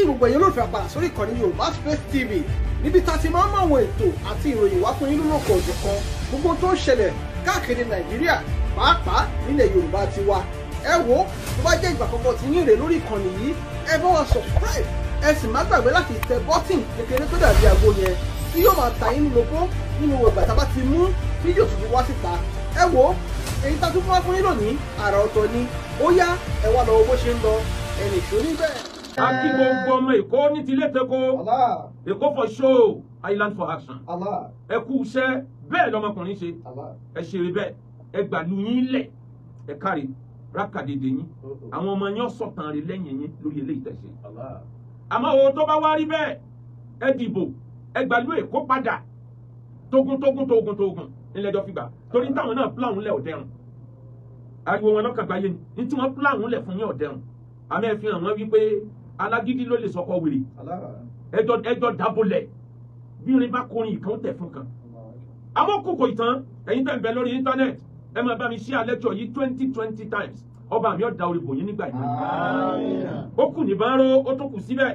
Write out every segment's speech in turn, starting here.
kí gbogbo ẹ̀yin olóòfẹ́ àgbà sórí ìkànnì Yorùbá Space TV níbi tá a ti máa ń mọ àwọn ètò àti ìròyìn wá fún yín lórúkọ ọ̀dọ̀ kan gbogbo tó ń ṣẹlẹ̀ káàkiri Nàìjíríà pàápàá nílẹ̀ Yorùbá ti wa ẹ wo tó bá jẹ́ ìgbà àkọ́kọ́ tí yín rè lórí ìkànnì yìí ẹ bá wa subscribe ẹ sì má gbàgbé láti tẹ bọ́tìn kékeré tó dàbí àgbo yẹn tí yóò máa ta yín lóko nínú ìgbà tá a bá ti mú fídíò tuntun wá síta ẹ wo èyí tá a tún fún wá fún yín lónìí àrà ọ̀tọ̀ ni ó yá ẹ wá lọ wo bó ṣe ń lọ ẹnì ìṣó níbẹ̀ àti gbogbo ọmọ èkó ní tilé tẹ́kọ́ èkó for show island for action ẹ kú iṣẹ́ bẹ́ẹ̀ lọmọkùnrin ṣe ẹ ṣeré bẹ́ẹ̀ ẹ gbàlú yín lẹ̀ ẹ káre rákàdédé yín àwọn ọmọ yín ọ̀sọ̀tàn rẹ̀ lẹ́yìn yín lórí eléyìí tẹ̀ àmọ́ òun tó bá wá rí bẹ́ẹ̀ ẹ dìbò ẹ gbàlú èkó padà tógun tógun tógun tógun ńlẹ́jọ́ fìgbà torí táwọn náà pláwọn lẹ̀ ọ̀dẹ́rùn ariwo wọn lọ́kàn gbáyé ni ní tí wọ́n pláwọn lẹ̀ fún yín ọ̀dẹ́rùn àmọ́ ẹ fi hàn wọ́n wípé alágídí ló lè sọkọ wèrè ẹjọ ẹjọ dábòlẹ̀ bí orin bá kọrin ìkan tẹ̀ fún kan àmọ́ kòkò ìtàn ẹ̀yin tẹ̀ ń bẹ lórí íńtánẹ́ẹ̀tì ẹ máa bá mi share lecture yìí twenty twenty times ọba mi ọ̀dà orí bòyìn nígbà yìí ó kù ní báró ó tó kù síbẹ̀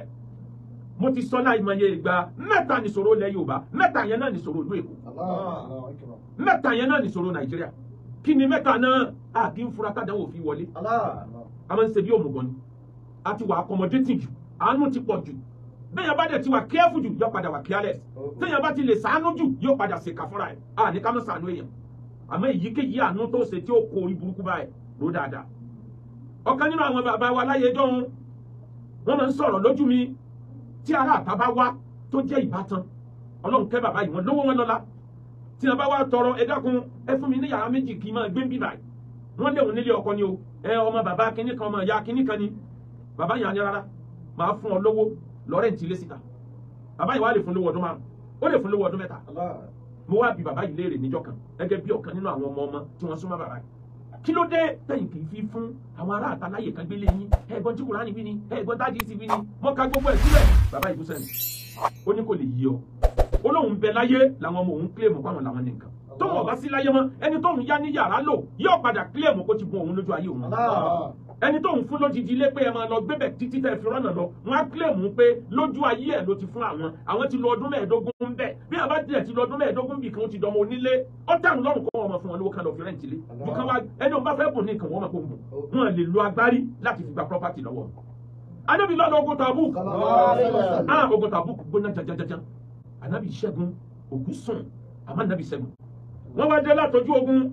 mo ti sọ láì mọye ìgbà mẹ́ta nìṣòro ilẹ̀ Yorùbá mẹ́ta yẹn náà nìṣòro ìlú Èkó mẹ́ta yẹn náà nìṣòro Nàìjíríà kí ni mẹ́ta náà àkínfura tádàwọ̀ fi wọlé a máa ń ṣe bí òmùgọ̀ ni a ti wà accommodating jù àánú ti pọ̀ jù bẹ́ẹ̀yàn bá dẹ̀ ti wà careful jù yóò padà wà careless mm-hmm. tẹ́yàn bá ti lè sàánú jù yóò padà ṣèkà fúnra ẹ̀ a ní ká má sàánú èèyàn àmọ́ èyíkéyìí àánú tó ṣe tí ó kó orí burúkú báyìí ló dáadáa ọ̀kan nínú àwọn bàbá wa láyé dọ́hun wọ́n máa ń sọ̀rọ̀ lójú mi tí ará àta bá wá tó jẹ́ ìbátan ọlọ́run kẹ́ bàbá yìí wọ́n lówó wọn lọ́lá tí wọ́n bá wá tọrọ ẹ ẹ fún mi ní yàrá méjì kì í máa gbé ń bíbà wọ́n léwu nílé ọkọ ni o ẹ ọmọ bàbá kinní kan ọmọ ìyá kinní kan ni bàbá yìí á ní rárá màá fún ọ lówó lọ́rẹ́ǹtì ilé síta bàbá yìí wá lè fún lówó ọdún márùn ó lè fún lówó ọdún mẹ́ta mo wá bi bàbá yìí léèrè níjọ́ kan gẹ́gẹ́ bí ọ̀kan nínú àwọn ọmọ ọmọ tí wọ́n súnmọ́ bàbá yìí kí ló dé tẹ̀yìn kì í fi fún àwọn ará àtàláyè kan gbélé yín ẹ̀gbọ́n tí kùránì bí ni ẹ̀gbọ́n tájì ti bí ni mo ka gbogbo ẹ̀ síbẹ̀ bàbá yìí kú sẹ́ni ó ní kò lè yí ọ ó lóun bẹ láyé làwọn ọmọ òun kílèmù fáwọn làwọn nìkan tó wọn bá sí láyé mọ́ ẹni tóun yá ní yàrá lò yóò padà kílèmù kó ti gun òun lójú ayé òun ẹni tó ń fún lójijì ilé pé ẹ máa lọ gbébẹ̀ títí tẹ́ fi rọ́nà lọ wọ́n á kílèmù pé lójú ayé ẹ̀ ló ti fún àwọn àwọn ti lọ ọdún mẹ́ẹ̀ẹ́dógún ń bẹ̀ bí àbá díẹ̀ ti lọ ọdún mẹ́ẹ̀ẹ́dógún bì kan ti dọmọ onílé ó dáhùn lọ́rùn kọ́ wọn fún wọn lówó kan fi rẹ́ǹtì lé bùkán wa ẹni òun bá fẹ́ bùn ní nǹkan wọn máa kó bùn wọn lè lo agbárí láti fi gba property lọ́wọ́ anábì lọ́nà ogun tabuk ah ogun tabuk gbóná jajajajan anábì ṣẹ́gun ogun sùn àmọ́ anábì ṣẹ́gun wọ́n wá dé látọjú ogun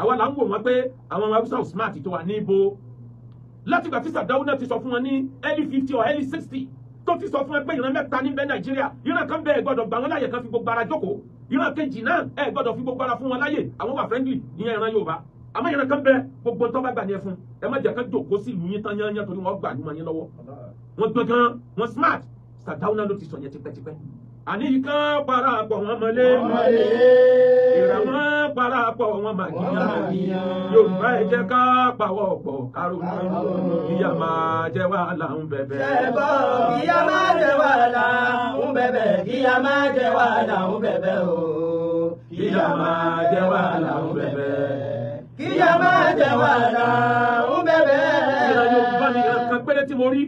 àwa là ń wò wọ́n pé àwọn ọmọ abúsá smart tó wà ní ibo láti gbà tí sàdáwù náà ti sọ fún wọn ní early fifty or early sixty tó ti sọ fún ẹ pé ìran mẹ́ta níbẹ̀ nàìjíríà ìran kan bẹ́ẹ̀ gbọ́dọ̀ gbà wọ́n láyè kan fi gbogbo ara jókòó ìran kejì náà ẹ gbọ́dọ̀ fi gbogbo ara fún wọn láyè àwọn wà friendly ìyẹn ìran yorùbá àmọ́ ìran kan bẹ́ẹ̀ gbogbo tó bá gbà ní ẹ fún ẹ má jẹ́ kán jókòó sí ìlú yín tán yán yán torí wọ́n gbà lùmọ̀ yín lọ́wọ́ wọ́n gbọ́n gan wọ́n smart sàdáwù náà ló ti sọ yẹn tipẹ́tipẹ́ àní kan parapọ̀ wọn mọ́lé ìrànwọ́ parapọ̀ wọn màkìyàn yorùbá ẹ jẹ́ ká pawọ́ pọ̀ kárọ̀nà ìyá máa jẹ́ wà là ń bẹ̀bẹ̀. ṣẹ̀bọ̀ ìyá máa jẹ́ wà là ń bẹ̀bẹ̀ ìyá máa jẹ́ wà là ń bẹ̀bẹ̀ o ìyá máa jẹ́ wà ń bẹ̀bẹ̀. ìyá máa jẹ́ wà ń bẹ̀bẹ̀. ìlànà yorùbá ni ẹ̀ka péré tí mo rí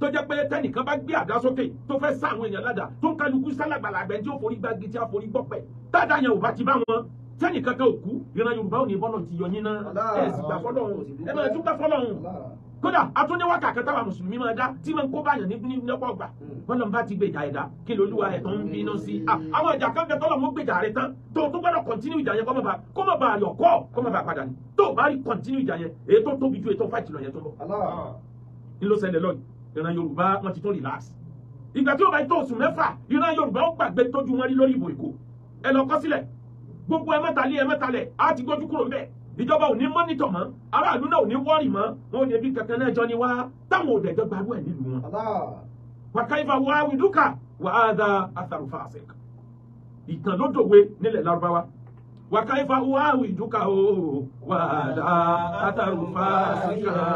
tó jẹ́ pé tẹ́nìkan bá gbé àdá sókè tó fẹ́ sá àwọn èèyàn ládàá tó ń kálukú sálàgbàlà àgbẹ̀ tí ó forí gbági tí a forí gbọ́pẹ̀ táàdá yẹn ò bá ti bá wọn tẹ́nìkan kan ò kú ìran Yorùbá ò ní bọ́lọ̀ ti yọ yínná ẹ̀ sì gbà fọlọ́run ẹ̀ máa tún gbà fọlọ́run kódà atúndéwà kàkẹ́ táwa mùsùlùmí máa dá tí máa ń kó báyàn níbi nípọ̀ gbà wọn hmm. lọ bá ti gbèjà ẹ̀dá kí lolúwa ẹ̀ tó ń bínú sí i àwọn ìjà kan bẹ tọ́lọ̀ mú gbèjà rẹ tán tó tó gbọ́dọ̀ kọ̀ntínú ìjà yẹn kó má bàa kó má bàa yọ̀ kọ́ kó má bàa padà ní tó bá rí kọ̀ntínú ìjà yẹn èyí tó tóbi ju èyí tó fàjì yẹn tó lọ. ńlọsẹ̀lẹ̀ lọ́yìn ìran yorùbá wọn ti tó relax ìgbà tí ó bá tó oṣù mẹ́fà ìran yorùbá ó gbàgbé tójú wọn rí lórí ìbò èkó ẹ lọ kọ sílẹ̀ gbogbo ẹ mẹ́ta lé ẹ mẹ́ta lẹ̀ á ti gbójú kúrò ńbẹ̀ ìjọba ò ní mọ́nítọ̀ mọ́ aráàlú náà ò ní wọ́ọ̀rì mọ́ wọn ò ní bí kankan náà jọ ni wá táwọn ò dẹ̀jọ́ gbarú ẹ̀ nílùú wọn. wàkàìfà wà wídúkà wà á da àtàrùfà àṣẹ ìtàn ló dòwe nílẹ̀ lárúbáwá وكيف أواوجك ولا أثر فاسقا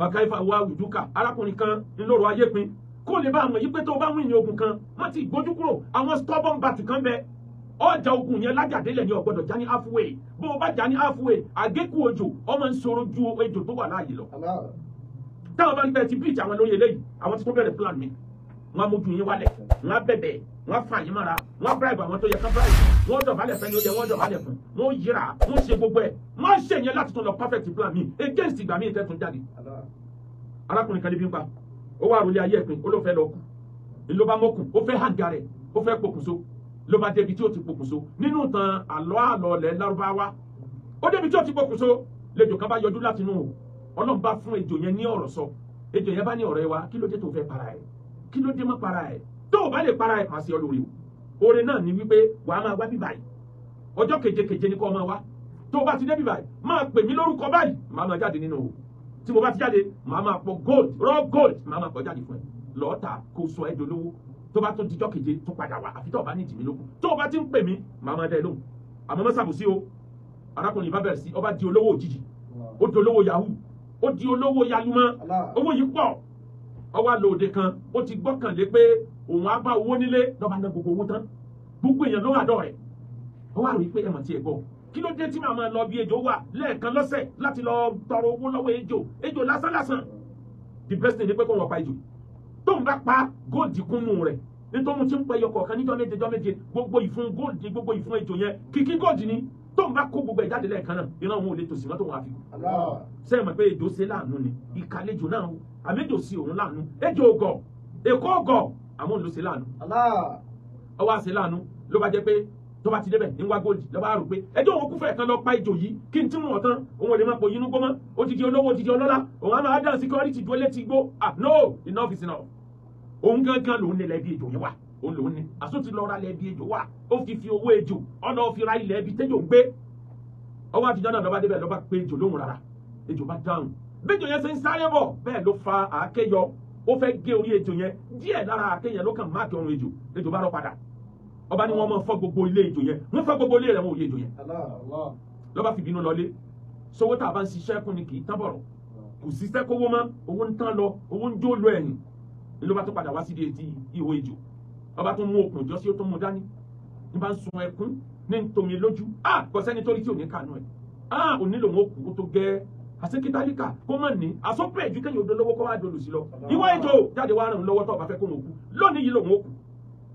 وكيف أواوجك arákùnrin kan ńlọrọ ayé pin kó lè bá àmọ̀ yí pé tó o bá wíìnì ogun kan wọ́n ti gbójú kúrò àwọn stubborn bat kan bẹ ọjà ogun yẹn lájàdélẹ̀ ni o gbọ́dọ̀ já ní halfway bó o bá já ní halfway àgékù òjò ọmọ ń sọ̀rọ̀ ju ejò tó wà láàyè lọ. táwọn bá ń bẹ ti bíìtì àwọn lórí eléyìí àwọn ti plan mi wọn á mójú yín wálẹ̀ wọn á bẹ̀bẹ̀ wọn á fà yín mọ́ra wọn á bribe àwọn tó yẹ ká bribe wọn dọ̀bálẹ̀ fẹ́ni ó yẹ wọn dọ̀bálẹ̀ fún wọn ó yíra wọn ṣe gbogbo ẹ̀ má ṣe yẹn láti tún lọ perfect plan mi against ìgbà mi ìtẹ́tún jáde. arákùnrin kan níbi ń pa ó wá àròlé ayé ẹ̀pin ó ló fẹ́ lọ kù ló bá mọ́kùn ó fẹ́ hàǹgà rẹ̀ ó fẹ́ pokùnso ló bá débi tí ó ti pokùnso nínú tan àlọ́ àlọ́ ọ̀lẹ́ lárúbáwá ó débi tí ó ti pokùnso lejò kan bá yọjú látinú ọlọ́run bá fún ejò yẹn ní ọ̀rọ̀ sọ ejò yẹn bá ní ọ̀rẹ́ wa kí ló dé tó fẹ́ para ẹ̀ kí ló dé mọ́ para ẹ̀ tó o bá lè para ẹ̀ máa ṣe ọ lórí o oore náà ni wípé wàá máa wá bí báyìí ọjọ́ keje keje ni kò máa wá tó o bá ti dé bí báyìí máa pè mí lórúkọ báyìí màá máa jáde nínú o tí mo bá ti jáde màá máa pọ gold raw gold màá máa pọ jáde fún ẹ lọ́ọ̀ta kó sọ ẹ́ dolówó tó bá tó dijọ́ keje tó padà wá àfi tó o bá ní ìdí mi lókun tó o bá ti ń pè mí màá máa dá ẹ lóhùn àmọ́ mọ́sàbùsí o arákùnrin bá bẹ̀rẹ̀ sí ó di olówó òjijì ó di olówó yahoo ó di olówó yalumọ owó yìí pọ̀ ọwọ́ àlọ́ òde kan ó ti gbọ́kànlé pé òun á bá owó nílé lọ́ba náà gbogbo owó tán gbogbo èèyàn ló wà dọ̀ rẹ̀ ọwọ́ àròyìn pé ẹ̀mọ̀ tiẹ̀ gbọ́ kí ló dé tí màmá lọ bí ejò wà lẹ́ẹ̀kan lọ́sẹ̀ láti lọ tọrọ owó lọ́wọ́ ejò ejò lásán lásán the president ní pé kó wọ́n pa ejò tóun bá pa góòdì kúnnú rẹ̀ nítorí tí ń pẹ́ yọkọ̀ kan níjọ́ méje jọ́ méje gbogbo ìfun góòdì gbogbo ìfun ejò yẹn kìkì góòdì ni tóun bá kó gbogbo ẹ̀ jáde lẹ́ẹ̀kan náà iná òun ò lè tòsí mọ́tò òun àfikún. sẹ́yìn mọ̀ pé èdò ṣe láàánú ni ìkàlejò náà àmì èdò sí òun láàánú èdò ògọ̀ èkó ògọ̀ àmọ́ òun ló ṣe láàánú. ọwọ́ àṣẹ láàánú ló bá jẹ́ pé tó bá ti débẹ̀ ní wá gold lọ́ba rò pé ẹjọ́ òun kú kan lọ pa ìjò yìí kí n túnú ọ̀tán òun ò lè máa pò yínú gbọ́mọ́ odidi olówó odidi ọlọ́lá òun á máa dá security dúró létí igbó ah no enough is enough òun gángan lòun nílẹ̀ bí ìjò yẹn wà òun lòun ni àsó lọ ra ilẹ̀ ejò wà ó fi fi owó ejò ọ̀nà ó ilẹ̀ ibi tẹ́jọ́ ń gbé ọwọ́ àtijọ́ náà lọ́ba débẹ̀ lọ́ba pé ejò lóhùn rárá ejò bá dáhùn bẹ́jọ yẹn ṣe ń sáré bọ̀ bẹ́ẹ̀ ló fa àáké yọ ó fẹ́ gé orí ejò yẹn díẹ̀ lára àáké yẹn ló kàn máàkì ọrùn ejò ejò bá rọ padà ọba ni wọ́n máa fọ́ gbogbo ilé ejò yẹn wọ́n fọ́ gbogbo ilé rẹ̀ wọn ò yé ejò yẹn lọ́ba fi bínú lọlé sowó tá a bá ń ṣiṣẹ́ kún ni kì í tán bọ̀rọ̀ kò ṣiṣẹ́ kówó mọ́ owó ń tán lọ owó ń jó lọ ẹ̀yìn ló bá tó padà wá sí di etí ejò ọba tó mú okùn ìjọsí ó tó mú dání ní bá ń sun ẹkún ní ntomi lójú a kò sẹ́ni tó rí tí ò ní kànú ẹ̀ a ò nílò òun okùn kó tó gẹ́ àsekítálíkà kó mọ̀ ní àsopọ̀ ẹ̀jú kẹ́yìn odò lọ́wọ́ kó wá dolù sí lọ ìwọ ètò jáde wá ràn lọ́wọ́ tó ọba fẹ́ kó wọn kú lónìí yìí lòun okùn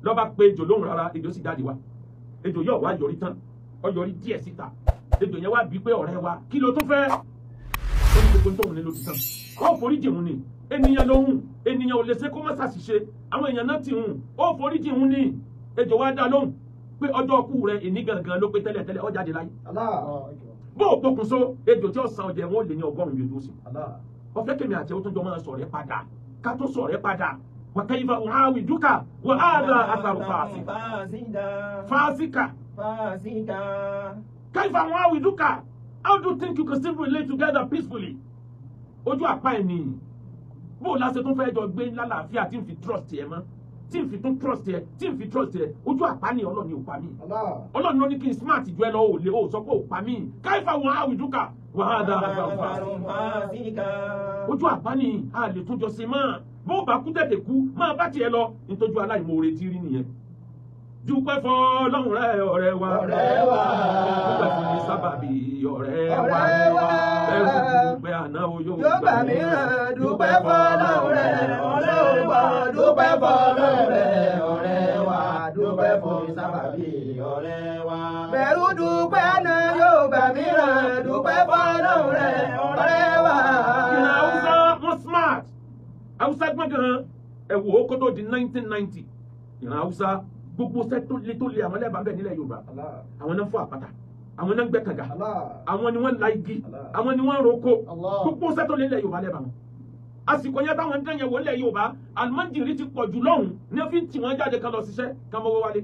lọ́ba pé ejò lóhùn rárá ejò sì jáde wá ejò yóò wá yọrí tán ó yọrí díẹ̀ síta ejò yẹn wá bí pé ọ̀rẹ́ wa kí ló tún fẹ́ ó ní gbogbo tóun ní lójú tán ó forí jẹun ni ènìyàn lòun ènìyàn ò lè ṣe kó má ṣàṣìṣe àwọn èèyàn náà ti hùn ó foríjì hùn ní ejò wa dá lóhùn pé ọjọ́ kú rẹ ìní gangan ló pé tẹ́lẹ̀tẹ́lẹ̀ ó jáde láyé. bó o pokùnso ejò tí ó ọjà ẹ̀wọ̀n lè ní ọgọ́rùn-ún yòó lóṣù. ọ̀fẹ́ kèmí àti ẹ̀wọ̀n jọ máa sọ̀rẹ́ padà ká tó sọ̀rẹ́ padà wà kẹ́yìn bá wà á dúkà wà á dà àtàrò ojú àpá ẹ̀ nìyí bó o láṣẹ tó fẹ́ jọ gbé lálàáfíà tí n fi trust yẹ mọ́ tí n fi tún trust yẹ tí n fi trust yẹ ojú àpáni ọlọ́ni ò pa mí ọlọ́ni ló ní kí n smart ju ẹ lọ ò lè o sọ pé ò pa mí káyífà wọn àwùjúkà wọn á dá àgbà òfà ojú àpáni a lè tún jọ sí mọ́ bó o bá kú tètè kú máa bá tiẹ̀ lọ nítorí aláìmoore ti rí nìyẹn dúpẹ́ fọlọ́run rẹ ọ̀rẹ́ wa ọ̀rẹ́ wa dúpẹ́ fún mi sábàbí ọ̀rẹ́ wa ẹ̀rù rẹ àná o yóò gbà mí. dúpẹ́ fọlọ́run rẹ ọlọ́run wa dúpẹ́ fọlọ́run rẹ ọ̀rẹ́ wa dúpẹ́ fún sábàbí ọ̀rẹ́ wa. bẹ̀rù dúpẹ́ náà yóò gbà mí ràn dúpẹ́ fọlọ́run rẹ ọ̀rẹ́ wa. ìlà haúsá wọn smart haúsá gbọ̀ngàn ẹ̀wò kó di nineteen ninety ìlà haúsá gbogbo sẹ́tò létò lé àwọn ẹlẹ́bàá bẹ̀ nílẹ̀ yorùbá àwọn náà fọ́ àpáta àwọn náà ń gbẹ́ àwọn ni wọ́n la igi àwọn ni wọ́n roko gbogbo sẹ́tọ̀ lélẹ̀ yorùbá lẹ́bàá wọn àsìkò yẹn táwọn ń dẹ́yẹ̀wò lẹ̀ yorùbá àlùmọ́jìrì ti pọ̀ jù lọ́hùn ní fi tì wọ́n jáde kan lọ ṣiṣẹ́ kan mọ́wọ́ wálé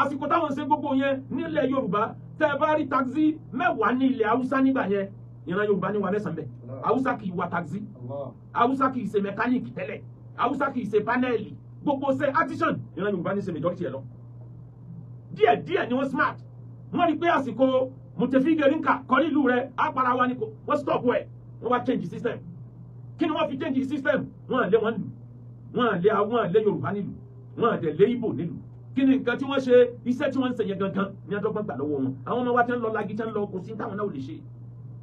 àsìkò táwọn ń ṣe gbogbo yẹn nílẹ̀ yorùbá tẹ́ ẹ bá rí taxi mẹ́wàá ní ilẹ̀ haúsá nígbà yẹn ìran yorùbá ní wà mẹ́sàn-án bẹ̀ haúsá kì í wa taxi haúsá kì í ṣe mẹkáníìkì tẹ́lẹ̀ haúsá kì í ṣe panẹ́ẹ̀lì gbogbo ṣe artisan ìran yorùbá ní ṣe majority ẹ̀ lọ díẹ̀ díẹ̀ ni wọ́n smart wọ́n rí pé àsìkò mùtẹ́fígẹ̀rínkà kọ́rí ìlú rẹ̀ á wa ni kò wọ́n stop ẹ̀ wọ́n wá change system kí ni wọ́n fi change system wọ́n lé wọn lù wọ́n lé àwọn lé Yorùbá nílùú wọ́n dẹ̀ lé Ìgbò nílùú kí ni nǹkan tí wọ́n ṣe iṣẹ́ tí wọ́n ń ṣe yẹn gangan ní adọ́gbọ́n gbà lọ́wọ́ wọn àwọn ọmọ wa ti ń lọ lagi ti ń lọ kò sí táwọn náà lè ṣe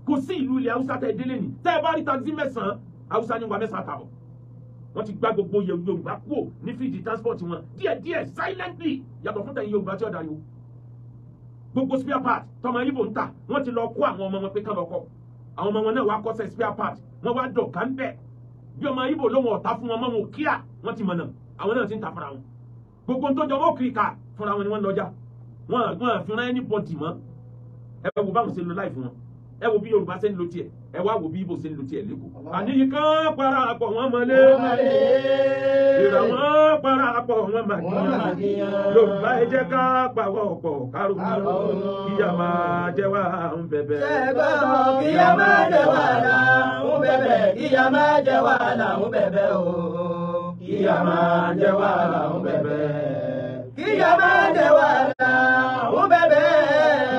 kò sí ìlú ilẹ̀ Haúsá tẹ délé ni tẹ́ ẹ bá rí taxi mẹ́sàn-án Haúsá ní wa mẹ́sàn-án tààbọ̀ wọ́n ti gbá gbogbo Yorùbá kúò ní fídì transport wọn díẹ̀díẹ̀ silently yàtọ̀ fún tẹ̀yìn Yorùbá tí ó dariwo gbogbo spear part tọmọ ibo ń tà wọ́n ti lọ kó àwọn ọmọ wọn pé kán lọ kọ́ àwọn ọmọ wọn náà wá kọ́sẹ̀ spare part wọ́n wá dọ̀ka ń bẹ̀ bí ọmọ ibo lóhun ọ̀tá fún wọn mọ́ wọn kíá wọ́n ti mọ̀nà àwọn náà ti ń ta fúnra wọn gbogbo tó jọ mọ́ kìrìkà fúnra wọn ni wọ́n lọ́jà wọ́n fi rán ẹni pọ́ǹtì mọ́ ẹ wo báwọn ṣe lo láì fún wọn ẹ wo bí Yorùbá ṣe ń lo tiẹ̀ ẹ wá wò bí ibo ṣe ń lu tiẹ̀ lẹ́kọ̀ọ́. àníyí kan para àpọ̀ wọn mọ́lé. ìrà wọn para àpọ̀ wọn màkìyàn. yorùbá ẹ jẹ́ ká pàwọ́ ọ̀pọ̀ kárò. kíyà máa jẹ́ wá ń bẹ̀bẹ̀. ṣẹ́gbọ́n kíyà máa jẹ́ wá là ń bẹ̀bẹ̀. kíyà máa jẹ́ wá là ń bẹ̀bẹ̀ o. kíyà máa jẹ́ wá là ń bẹ̀bẹ̀. kíyà máa jẹ́ wá là ń bẹ̀bẹ̀.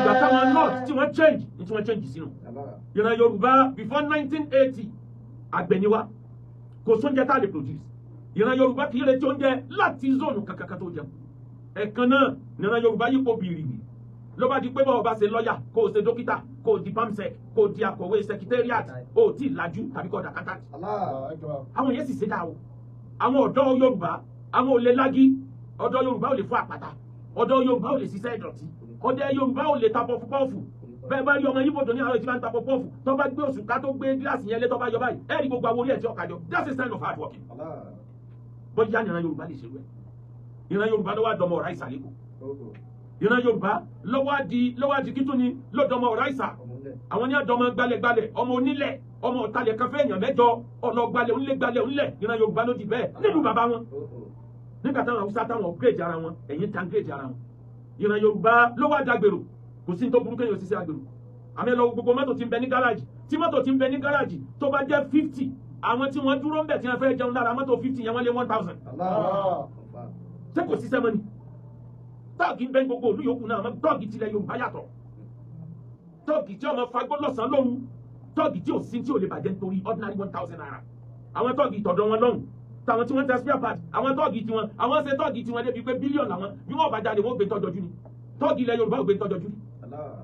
ìgbà táwọn north tí wọ́n change tí wọ́n change sínú ìran yorùbá before nineteen eighty àgbẹ̀ ni wá kò sóúnjẹ tá a lè produce ìran yorùbá kì í retí oúnjẹ láti zone kankan tó jẹun ẹ̀kan náà ìran yorùbá yípo bìrìbì ló bá di pé bọ́ọ̀ bá ṣe lọ́ọ̀yà kó ṣe dókítà kó di pamsec kó di akọ̀wé secretariat o ò tí ì lajú tàbí kọ́ ọ̀dà kátàkì àwọn yẹn sì ṣe dáa o àwọn ọ̀dọ́ yorùbá àwọn ò lè lági ọ̀dọ́ yorùbá ò lè fọ́ àpáta ọ̀dọ́ yorùbá ò lè ṣiṣẹ́ ìdọ̀tí ọ̀dọ́ yorùbá ò lè ta pọfupọ́ọ̀fù bẹ́ẹ̀ bá rí ọmọ yín bòdò ní àárọ̀ ìtì ń ta pọ̀pọ́ọ̀fù tó bá gbé oṣù ká tó gbé gíláàsì yẹn lé tó bá yọ báyìí ẹ̀rí gbogbo àwọn orí ẹ̀ tí ọkà jọ that's a sign of hard working. bóyá ìran yorùbá lè ṣe wẹ́ ìran yorùbá ló wá ọ̀rá ìsà lẹ́kọ̀ọ́ ìran yorùbá ló wá di ló kí tún ni ló ọ̀rá ìsà àwọn ní àdọmọ gbalẹ̀gbalẹ̀ ọmọ onílẹ̀ ọmọ ọ̀talẹ̀ kan èèyàn mẹ́jọ ọlọ́gbalẹ̀ onílẹ̀ gbalẹ̀ onílẹ̀ ìran yorùbá ló di bẹ́ẹ̀ nílùú bàbá wọn nígbà táwọn haúsá táwọn upgrade ara wọn ẹ̀yìn tangrade ara wọn ìran yorùbá ló wá kò sí tó burúkú yóò ṣiṣẹ́ agbèrò àmì ẹ̀ lọ gbogbo mọ́tò tí ń bẹ ní gáràjì tí mọ́tò tí ń bẹ ní gáràjì tó bá jẹ́ fifty àwọn tí wọ́n dúró ń bẹ̀ tí wọ́n fẹ́ jẹun lára mọ́tò fifty yẹn wọ́n lé one thousand. ṣé kò ṣiṣẹ́ mọ́ ni tọ́ọ̀gì ń bẹ ní gbogbo òlú yòókù náà àmọ́ tọ́ọ̀gì tilẹ̀ Yorùbá yàtọ̀ tọ́ọ̀gì tí ọmọ fagbó lọ́sàn-án lóru tọ́ọ̀gì tí ò sí tí ò lè bàjẹ́ nítorí ordinary one thousand naira àwọn tọ́ọ̀gì tọ̀dọ̀ wọn lọ́hùn tàwọn tí wọ́n ń tẹ spare part àwọn tọ́ọ̀gì tiwọn àwọn ṣe tọ́ọ̀gì tiwọn débi pé bílíọ̀nù làwọn bí wọ́n bá jáde wọ́n gbé tọ́jọ́jú ni tọ́ọ̀gì ilẹ̀ Yorùbá ò gbé tọ́jọ́jú ni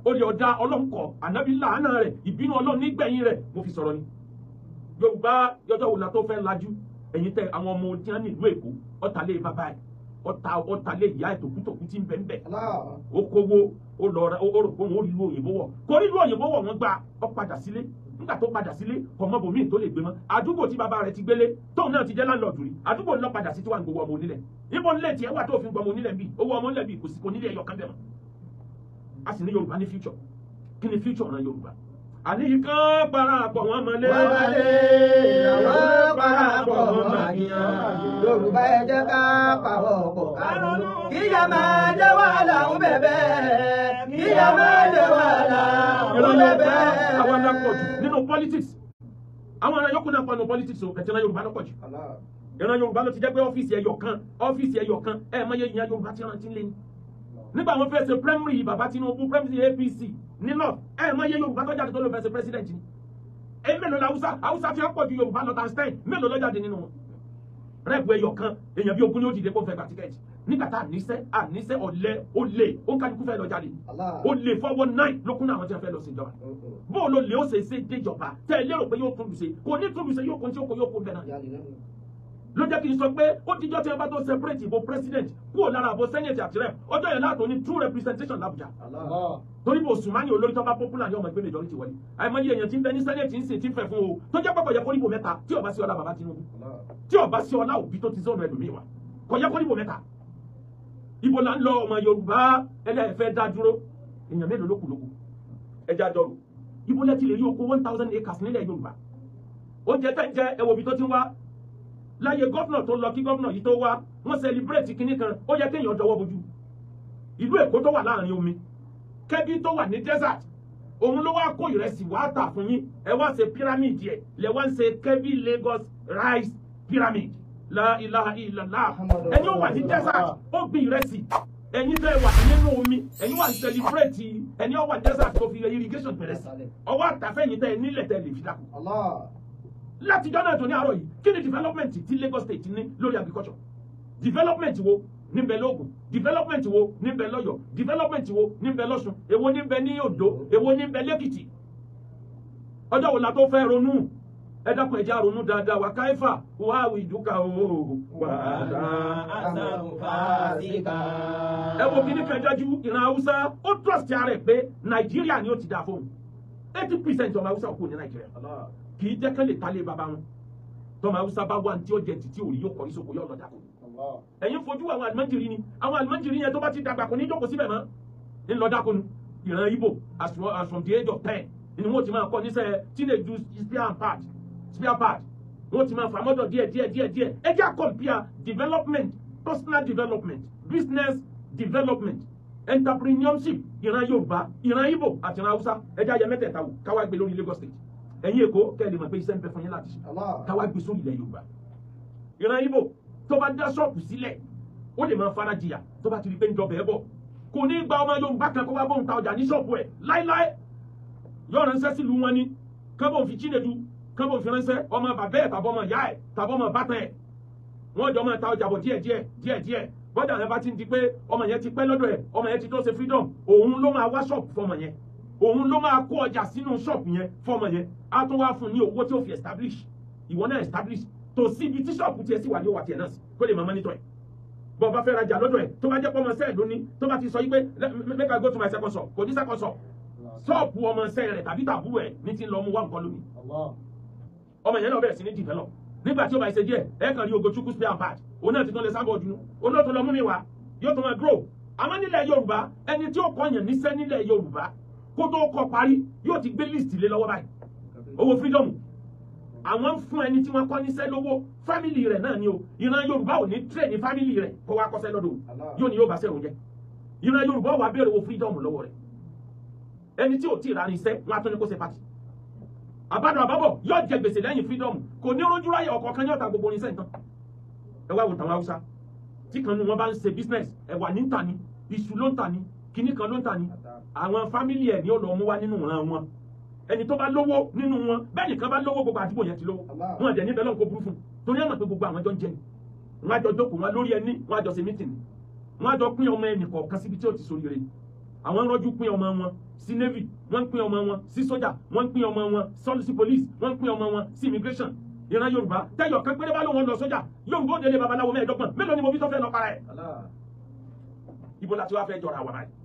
ó di ọ̀dà ọlọ́run kọ̀ ànábì làánà rẹ̀ ìbínú ọlọ́run nígbẹ̀yìn rẹ̀ mo fi sọ̀rọ̀ ni. yorùbá yọjọ́ wo la tó fẹ́ lajú ẹ̀yin tẹ àwọn ọmọ tí wọ́n nílùú èkó ọ̀tàlẹ́ bàbá ẹ̀ ọ̀tà ọ̀tàlẹ́ ìyá ẹ̀ tòkútòkú ti ń bẹ̀ ń bẹ̀. ó kówó ó lọ ra ó rò pé òun ó lu òyìnbó wọ̀ kò rí lu òyìnbó wọ̀ wọ́n gba ọ padà sílé nígbà tó padà sílé ọmọbòmíì tó lè gbé mọ́ àdúgbò tí bàbá rẹ̀ ti gbélé tóun náà ti jẹ́ láńlọ́ọ̀dù rí àdúgbò ńlọ padà sí tí wàá gbowó ọmọ onílẹ̀ ibo ńlẹ̀ tiẹ̀ wà tó fi gbọmọ onílẹ̀ bíi owó ọmọ onílẹ̀ bíi kò sí kò nílẹ̀ ẹyọ kan bẹ̀ a sì ní Yorùbá ní future kí ni future ọ̀nà Yorùbá àní yìí kán parapọ̀ wọn mọ̀lẹ́. wọ́n mọ̀lẹ́ àwọn parapọ̀ wọn màníyàn. Yorùbá ẹ jẹ́ ká pawọ́ pọ̀ ká ronú. kíyà máa jẹ́ wàhálà ń bẹ̀bẹ̀. kíyà máa jẹ́ wàhálà ń bẹ̀bẹ̀. àwọn ará pọ̀ jù nínú politics àwọn ará yọkùnrin àpọ̀ nínú politics o ẹ̀tẹ̀ náà Yorùbá ló pọ̀ jù. ìran Yorùbá ló ti jẹ́ pé ọ́fíìsì ẹ̀yọ̀ kan ọ́fíìsì ẹ̀yọ̀ kan ẹ̀ẹ́mọ́yé ìyẹn Yorùbá ti rántí lé ni nígbà wọn fẹ́ ṣe primary baba Tinubu primary APC ní north ẹ mọ iye Yorùbá tó jáde tó ló fẹ́ ṣe president ni ẹ mélòó la Hausa Hausa fi ọ̀pọ̀ ju Yorùbá lọ́ta stein mélòó ló jáde nínú wọn rẹ́ẹ̀pù ẹyọ kan èèyàn bí ogún ní ó dìde kó fẹ́ gba tíkẹ́ẹ̀tì nígbà tá a níṣẹ́ a níṣẹ́ ọ̀lẹ́ ó lè ó ń kájúkú fẹ́ lọ jáde ó lè fọwọ́ náì lókun náà àwọn tí wọ́n fẹ́ lọ síjọba mm-hmm. bóòlù lè ó ṣe é ṣe déjọba tẹ́ ẹ lérò pé yóò túnbù ṣe kò ní túnbù ṣe yóò kún tí ó kún yóò kún bẹ́ẹ̀ náà ló jẹ́ kí n sọ pé ó dijọ́ tí wọ́n bá tó separate ìbò president kúrò lára àbò senate àti rep ọjọ́ yẹn láàtọ̀ ní true representation l'Abuja. torí bò sùnmáyì olórí tó bá popular ní ọmọ ìgbé majority wọlé àìmọye èèyàn ti ń bẹ ní senate ń sè ti ń fẹ́ fún o tó jẹ́ pẹ́ kò yẹ kó níbo mẹ́ta tí ó bá sí ọlá bàbá Tinubu tí ó sí ọlá Òbí tó ti sọ̀rọ̀ ẹlòmíì wa kò kó níbo mẹ́ta. ibo la ń lọ ọmọ Yorùbá ẹlẹ́fẹ́ dá dúró èèyàn mélòó ló kù lóko ẹja dọrọ ibo lẹ́tì lè rí oko one thousand acres nílẹ̀ Yorùbá oúnjẹ tẹ́ ń jẹ ẹ̀wọ̀ bí tó ti ń wá láyé gọ́fìnà tó lọ kí gọ́fìnà yìí tó wá wọ́n sẹlibrétì kinní kan ó yẹ kéèyàn dọwọ́ bojú ìlú èkó tó wà láàrin omi kẹ́bí tó wà ní desert òun ló wá kó ìrẹsì wá tà fún yín ẹ wá ṣe pyramid yẹ lẹ wá ń ṣe kẹ́bí Lagos rice pyramid la ilaha illallah ẹni ó wà ní desert ó gbin ìrẹsì ẹ̀yin tẹ́ wà nínú omi ẹ̀yin wà sẹlifúrẹtì ẹni ó wà desert tó fi irrigation bẹ̀rẹ̀ sí ọwọ́ àtàfẹyìn tẹ́ nílẹ̀ tẹ́ lè fi dákú látijọ́ náà tó ní àárọ̀ yìí kí ni development ti Lagos state ní lórí agriculture development wo níbẹ̀ lóògùn development wo níbẹ̀ lọ́yọ̀ development wo níbẹ̀ lọ́sùn èwo níbẹ̀ ní Oǹdó èwo níbẹ̀ lẹ́kìtì ọjọ́ wo la tó fẹ́ ronú ẹ dákun ẹja ronú dáadáa wà káífà wà ìdúkà ooo wà á ẹ wo kíní kan dájú ìran haúsá ó trust ara ẹ pé nàìjíríà ni ó ti dà fóun eighty percent ọmọ haúsá kò ní nàìjíríà kì í jẹ́ kán lè talé baba wọn tọ́mọ haúsá bá wà ní tí ó jẹ títí òòrì yóò kọ́ ìsoko yóò lọ dàkú ẹ̀yin fojú àwọn alimọ́njìrì ni àwọn alimọ́njìrì yẹn tó bá ti dàgbà kò ní jókòó síbẹ̀ mọ́ ń lọ dákú nu ìran Igbo as from the age of ten ni wọ́n ti máa kọ́ níṣẹ́ teenage do spare part spare part wọ́n ti máa fà mọ́dọ̀ díẹ̀ díẹ̀ díẹ̀ díẹ̀ ẹ jẹ́ àkọ́mpíà development personal development business development entrepreneurship ìran Yorùbá ìran Igbo àti ìran haúsá ẹ jẹ́ àyẹ mẹ́tẹ̀ẹ̀ta wò káwá gbé lórí Lagos state ẹ̀yin èkó kẹ́lẹ́ mọ̀ pé iṣẹ́ ń bẹ fún yín láti ṣe káwá gbé sórí ilẹ̀ yorùbá ìran ibo tó bá dá ṣọ́ọ̀pù sílẹ̀ ó lè máa fara jìyà tó bá ti rí pé ń jọbẹ̀ ẹ̀ bọ̀ kò ní gba ọmọ yorùbá kan kó wá bóun ta ọjà ní ṣọ́ọ̀pù ẹ̀ láéláé yóò ránṣẹ́ sílùú wọn ni kábọ̀ fi chinedu kábọ̀ fi ránṣẹ́ ọmọ bàbá ẹ̀ tàbọ̀ ọmọ ìyá ẹ̀ tàbọ̀ ọmọ bàtàn ẹ̀ wọ́n jọ máa ta ọjà bọ̀ díẹ̀díẹ̀ díẹ̀díẹ̀ bọ́dà rẹ bá ti di pé ọmọ yẹn ti pẹ́ lọ́dọ̀ ẹ̀ ọmọ yẹn ti tó ṣe freedom òun ló máa wá ṣọ́ọ̀pù fọmọ yẹn òun ló máa kó ọjà sínú ṣọ́ọ̀bù yẹn fọmọ yẹn á tún wá fún ní owó tí ó fi establish ìwọ náà establish tó sí ibi tí ṣọ́ọ̀bù tiẹ̀ sì wà ní òwà tiẹ̀ náà sí kó lè máa mọ́nítọ̀ ẹ̀ bọ́ ọba fẹ́ rajà lọ́dọ̀ ẹ̀ tó bá jẹ́ pọ́mọ sẹ́ẹ̀ lóní tó bá ti sọ yí pé make go to my second shop kò ní second shop ṣọ́ọ̀bù ọmọ sẹ́ẹ̀ rẹ̀ tàbí tàbú ẹ̀ ní ti lọ mú wá nǹkan lónìí ọmọ yẹn náà bẹ̀rẹ̀ sí ní develop nígbà tí ó bá ṣe díẹ̀ ẹ kàn rí ogo chukwu spare bad òun náà ti tán lè sábà ọdún òun náà tó lọ mú mi wá yóò tó máa grow àmọ́ nílẹ̀ yorùbá ẹni tí ó kọyàn níṣẹ́ nílẹ̀ yorùbá kó tó kọ parí yóò ti gbé list lé lọ́wọ́ báyìí owó freedom àwọn ń fún ẹni tí wọ́n kọ́ níṣẹ́ lówó fámìlì rẹ̀ náà ni o ìran yorùbá ò ní tírẹ̀ ní fámìlì rẹ̀ kó wá kọ́ṣẹ́ lọ́dọ̀ yóò ní yóò bá sẹ́rùn jẹ ìran yorùbá wà bẹ̀rẹ̀ owó freedom lọ́wọ́ rẹ̀ ẹni tí ò tí ì rárin iṣẹ́ wọn á tún ní kó ṣe pàtì àbádùn àbábọ̀ yóò jẹ gbèsè lẹ́yìn freedom kò ní rojú ráyè ọkọ̀ kan yóò ta gbogbo oníṣẹ́ nǹkan ẹ wá wò tàwọn haúsá tí kan nu wọn bá ń ṣe business ẹ̀wà ní ń tà ní iṣu ló ń tà ní kinní kan ló ń tà ní àwọn fámìlì ẹ̀ ní ó lọ mú wá nínú ìran wọn ẹni tó bá lówó nínú wọn bẹ́ẹ̀ nìkan bá lówó gbogbo àdúgbò yẹn ti lówó wọn àjẹ níbẹ̀ lọ́nkọ́ burú torí ẹ̀ mọ̀ pé gbogbo àwọn jọ ń jẹ ni wọn àjọ jókòó wọn lórí ẹni wọn àjọ ṣe mítìnì wọn àjọ pín ọmọ ẹnì kọ̀ọ̀kan síbi tí ó ti sóríire àwọn rọjú pín ọmọ wọn sí navy wọn pín ọmọ wọn sí sójà wọn pín ọmọ wọn sọlù sí police wọn pín ọmọ wọn sí immigration ìran yorùbá tẹyọ kan péré bá lóun lọ sójà yorùbá òde lè babaláwo mẹ́ẹ̀ẹ́dọ́gbọ̀n mélòó ni mo fi sọ fẹ́ para ẹ ibo láti wá fẹ́ jọra wàrà yìí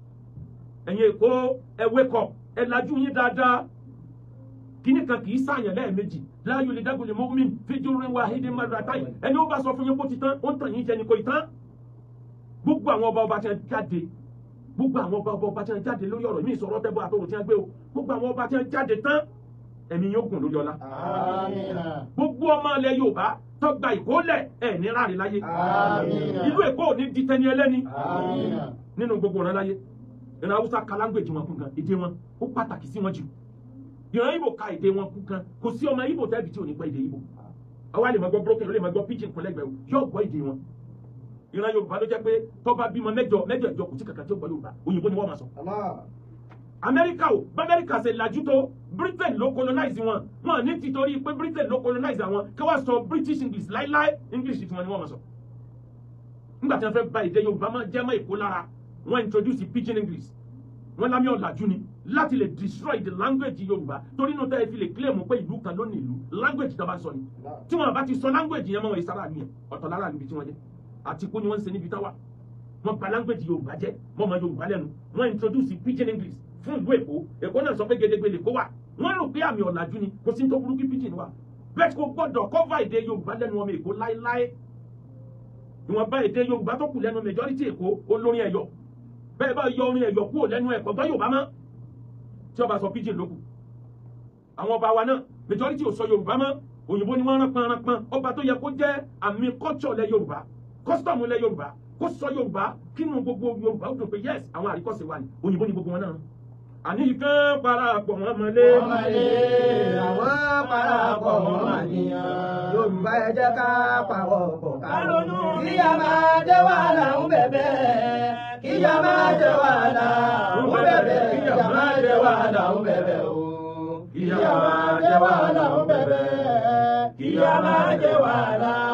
ẹ̀yin èkó ẹ wake up ẹ lajú yín dáadáa kíní kan kì í sàyàn lẹ́ẹ̀mejì láàyò lè dágùn lè mú mi fíjú rin wa hídé mẹ́rin àtàyè ẹni ó bá sọ fún yín kó ti tán ó ń tàn yín jẹ ni kò ì tán gbogbo àwọn ọba ọba tí wọn jáde gbogbo àwọn ọba ọba tí wọn jáde lórí ọ̀rọ̀ mi ìsọ̀rọ̀ tẹ́bọ̀ àtọ̀rọ̀ tí wọn gbé o gbogbo àwọn ọba tí wọn jáde tán ẹ̀mí yóò gùn lórí ọlá. gbogbo ọmọ ilẹ̀ Yorùbá tọgbà ìkólẹ̀ ẹ̀ ní ráàrí láyé. ìlú Èkó ò ní di tẹni ẹlẹ́ni nínú gbogbo ọ̀rọ̀ láyé ìran haúsá ka language wọn kún kan èdè wọn ó pàtàkì sí wọn jù ìran ibo ka èdè wọn kún kan kò sí ọmọ ibo tẹ́bi tí ò ní gbọ́ èdè ibo àwa lè máa gbọ́ broken lè máa gbọ́ pidgin kún lẹ́gbẹ̀ẹ́ yóò gbọ́ èdè wọn ìran yorùbá ló jẹ́ pé tó bá bímọ mẹ́jọ mẹ́jọ ìjọ kò sí kankan tí ó gbọ́ yorùbá òyìnbó ni wọ́n máa sọ. amẹ́ríkà o bá amẹ́ríkà ṣe lajú tó britain ló colonize wọn wọn ní títorí pé britain ló colonize àwọn kí wọ́n sọ british english láíláí english tiwọn ni wọ́n máa sọ. nígbà tí wọ́n fẹ́ ba èdè yorùbá máa jẹ́ mọ́ èkó wọ́n introduce pidgin english wọ́n lámì ọ̀làjú ni láti lè destroy the language yorùbá torí inú tẹ́ ẹ fi lè claim pé ìlú kan ló ní ìlú language tó bá sọ ni tí wọn bá ti sọ language yẹn mọ́ wọn ìsára mi ẹ̀ ọ̀tọ̀ lára níbi tí wọ́n jẹ́ àti kó ni wọ́n ń ṣe níbi táwa wọ́n bà language yorùbá jẹ́ wọ́n mọ yorùbá lẹ́nu wọ́n introduce pidgin english fún ìlú èkó èkó náà sọ pé gedegbe lè kó wà wọ́n rò pé àmì ọ̀làjú ni kò sí ní tó burú kí pidgin wa bẹ́ẹ̀ kò gbọ́dọ̀ cover èdè yorùbá lẹ́nu ọmọ èkó láéláé ìwọ̀nba èdè yorùbá tó kù lẹ́nu majority èkó olórin ẹ̀yọ̀ bẹ́ẹ̀ bá yọ orin ẹ̀yọ̀ kúrò lẹ́nu ẹ̀kọ́ gbọ́ Yorùbá mọ́ tí ọba sọ pidgin lókù àwọn ọba wa náà majority ò sọ Yorùbá mọ́ òyìnbó ni wọ́n ránpọn ránpọn ọba tó yẹ kó jẹ́ àmì culture lẹ Yorùbá custom lẹ Yorùbá kó sọ Yorùbá kínú gbogbo Yorùbá ó dùn pé yes àwọn àríkọ́sẹ̀ wa ni òyìnbó ni gbogbo wọn náà rán àníkan parapọ̀ wọn mọ̀lé. wọ́n àwọn parapọ̀ wọn màníyàn. yorùbá ẹ jẹ́ ká pawọ́ pọ̀ ká kí a máa jẹ́ wàhálà ń bẹ̀bẹ̀. kí a máa jẹ́ wàhálà ń bẹ̀bẹ̀. kí a máa jẹ́ wàhálà ń bẹ̀bẹ̀ o. kí a máa jẹ́ wàhálà ń bẹ̀bẹ̀. kí a máa jẹ́ wàhálà.